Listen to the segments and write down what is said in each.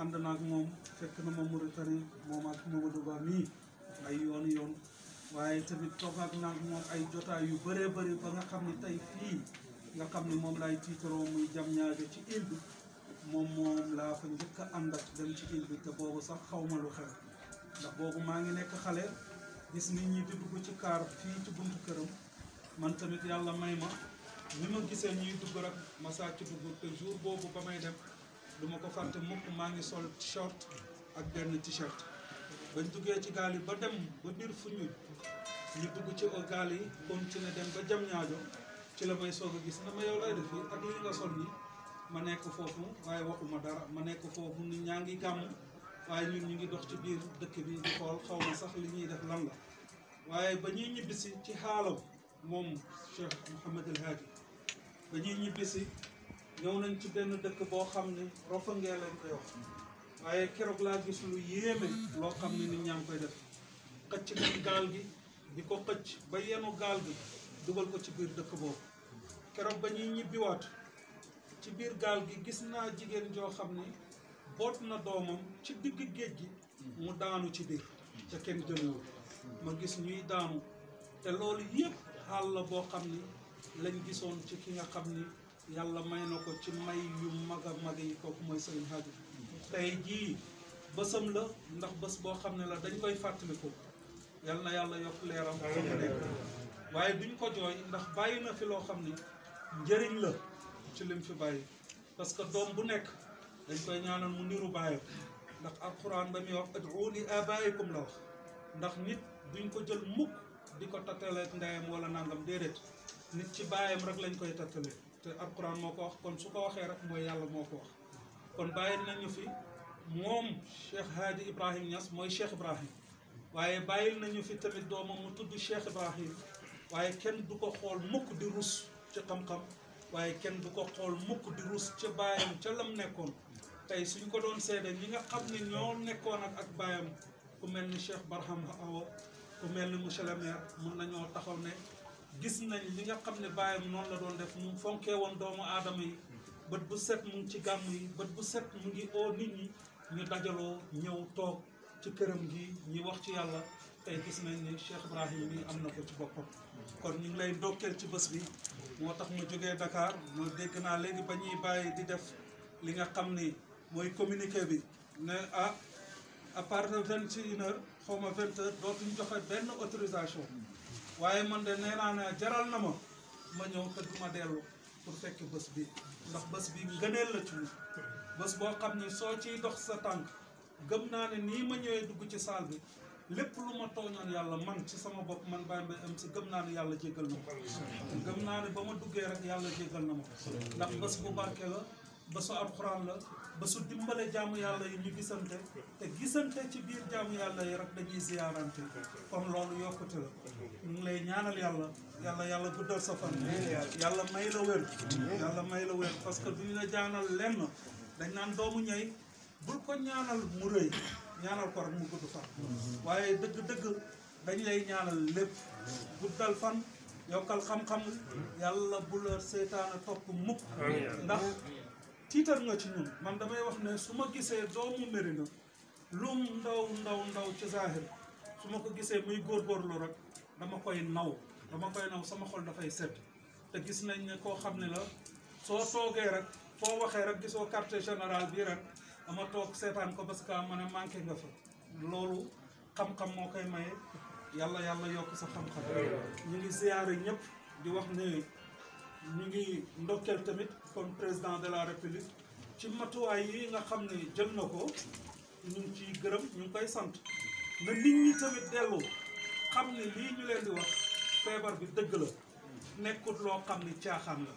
ànd naag moom fekk na ma Mauritanie moom ak Mamadou Ba mii ay yoon yoon waaye tamit toogaat naag moom ay jotaay yu baree bëri ba nga xam ne tey fii nga xam ne moom laay tiitaroo muy jam ñaajo ci île moom moom laa fa njëkk a ànd ak dem ci île bi te boobu sax xaw ma lu xew ndax boobu maa ngi nekk xale gis nit ñi di dugg ci kaar fii ci buntu këram man tamit yàlla may ma ni ma gisee ñuy dugg rek ma saa ci dugg te jour boobu ba may dem. du ma ko fàtte mukk maa ngi sol short ak benn t-shirt bañ duggee ci gaal yi ba dem ba biir fu ñu ñu dugg ci gaal yi continuer dem ba jam ñaajo ci la may soog a gis na ma yow lay def ak li nga sol nii ma nekk foofu waaye waxuma dara ma nekk foofu nit ñaa ngi gàmm waaye ñun ñu ngi dox ci biir dëkk bi di xool xaw sax li ñuy def lan la waaye ba ñuy ñibbisi ci xaalaw moom Cheikh Mouhamed El ba ñuy ñibbisi ñëw nañ ci benn dëkk boo xam ne rofangee lañ koy wax waaye keroog laa gis lu yéeme loo xam ne nit ñaa ngi koy def xëcc nañ gaal gi di ko xëcc ba yenu gaal gi dugal ko ci biir dëkk boobu keroog ba ñuy ñibbiwaat ci biir gaal gi gis naa jigéen joo xam ne boot na doomam ci digg géej gi mu daanu ci biir ca kenn jëlewul ma gis ñuy daanu te loolu yépp xaal la boo xam ni lañ gisoon ci ki nga xam ni yàlla may na ko ci may yu mag a mag yi kooku mooy sëriñ Hadi tey jii bësam la ndax bës boo xam ne la dañ koy fàttaliku yal na yàlla yokk leeram duñ ko jooy ndax bàyyi na fi loo xam ne njëriñ la ci lim fi bàyyi parce que doom bu nekk dañ koy ñaanal mu niru bàyyam ndax alquran ba muy wax adu li abaayikum la wax ndax nit duñ ko jël mukk di ko tattaleeg ndeyam wala nangam déedéet nit ci bàyyam rek lañ koy tattalee te alquran moo ko wax kon su ko waxee rek mooy yàlla moo ko wax kon bàyyi nañu fi moom Cheikh Hadi Ibrahim Niass mooy Cheikh Ibrahim waaye bàyyil nañu fi tamit doomam mu tudd Cheikh Ibrahim waaye kenn du ko xool mukk di rus ci xam-xam waaye kenn du ko xool mukk di rus ca baayam ca lam nekkoon tey suñ ko doon seede ñi nga xam ne ñoo nekkoon ak ak baayam ku mel ni Cheikh Barham Awo ku mel ni monsieur le maire mun nañoo taxaw ne gis nañ li nga xam ne bàyyam noonu la doon def mu fonkee woon doomu aadama yi bët bu set mu ngi ci gàmm yi bët bu set mu ngi oo nit ñi ñu dajaloo ñëw toog ci këram gi ñi wax ci yàlla tey gis nañ ni Cheikh Ibrahim bi am na ko ci boppam kon ñu ngi lay ndokkeel ci bés bi moo tax ma jógee Dakar ma dégg naa léegi ba ñuy bàyyi di def li nga xam ni mooy communiqué bi ne ah à partir de vingt et une heures xaw ma vingt heures dootuñ joxe benn autorisation waaye man de nee naa ne jaral na ma ma ñëw te du ma dellu pour fekk bés bi ndax bés bii ngëneel la ci bés boo xam ne soo ciy dox sa tànk gëm naa ne nii ma ñëwee dugg ci saal bi lépp lu ma tooñoon yàlla man ci sama bopp man Baye Mbaye am si gëm naa ne yàlla jéggal na ma gëm naa ne ba ma duggee rek yàlla jéggal na ma ndax bés bu barke la ba su alxuraan la ba su dimbale jàmm yàlla yi ñu gisante te gisante ci biir jàmm yàlla yi rek dañuy ziyaarante loolu yokkute ngi lay ñaanal yàlla yàlla yàlla guddal sa fan yàlla may la wér yàlla may la wér parce que duñu la jaanal lenn dañ naan doomu ñay bul ko ñaanal mu rëy ñaanal ko rek mu gudd fan waaye dëgg-dëgg dañ lay ñaanal lépp guddal fan yokkal xam-xam yàlla bu la seytaane topp mukk ndax tiital nga ci ñun man damay wax ne su ma gisee doomu Médina lum ndaw ndaw ndaw ci zahir su ma ko gisee muy góorgóorlu rek dama koy naw dama koy naw sama xol dafay set te gis nañ ne koo xam ne la soo soogee rek foo waxee rek gisoo quartier général bi rek dama toog seetaan ko parce que man a manqué nga fa loolu xam-xam moo koy maye yàlla yàlla yokk sa xam-xam ñu ngi ziyaare ñëpp di wax ne ñu ngi ndokkeel tamit comme président de la république ci matuwaay yi nga xam ne jël na ko ñu ngi ciy gërëm ñu ngi koy sant na nit ñi tamit dellu xam ne lii ñu leen di wax feebar bi dëgg la nekkut loo xam ne caaxaan la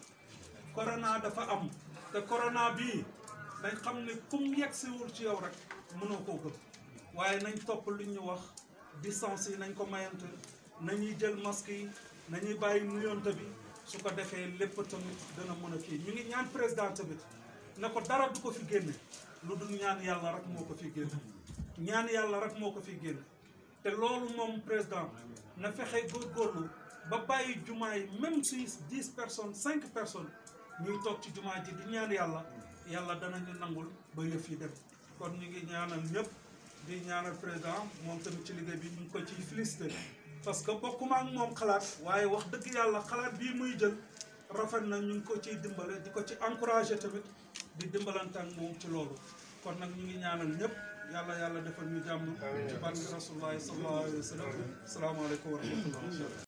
corona dafa am te corona bii dañ xam ne kum yegsiwul ci yow rek mënoo ko gëm waaye nañ topp lu ñuy wax distance yi nañ ko mayante nañuy jël masque yi nañuy bàyyi nuyonte bi su ko defee lépp tamit dana mën a kii ñu ngi ñaan président tamit na ko dara du ko fi génne lu dul ñaan yàlla rek moo ko fi génne ñaan yàlla rek moo ko fi génne te loolu moom président na fexe góorgóorlu ba bàyyi jumaa yi même si dix personnes cinq personnes ñuy toog ci jumaa ji di ñaan yàlla yàlla danañu nangul ba yëf yi dem kon ñu ngi ñaanal ñëpp di ñaanal président moom tamit ci liggéey bi ñu ngi ko ci félicité parce que bokkuma ak moom xalaat waaye wax dëgg yàlla xalaat bii muy jël rafet na ñu ngi ko ciy dimbale di ko ci encouragé tamit di dimbalante ak moom ci loolu kon nag ñu ngi ñaanal ñëpp yàlla yàlla defal ñu jàmm ci barke rasulullahi sallallahu alayhi wa sallam salaamaaleykum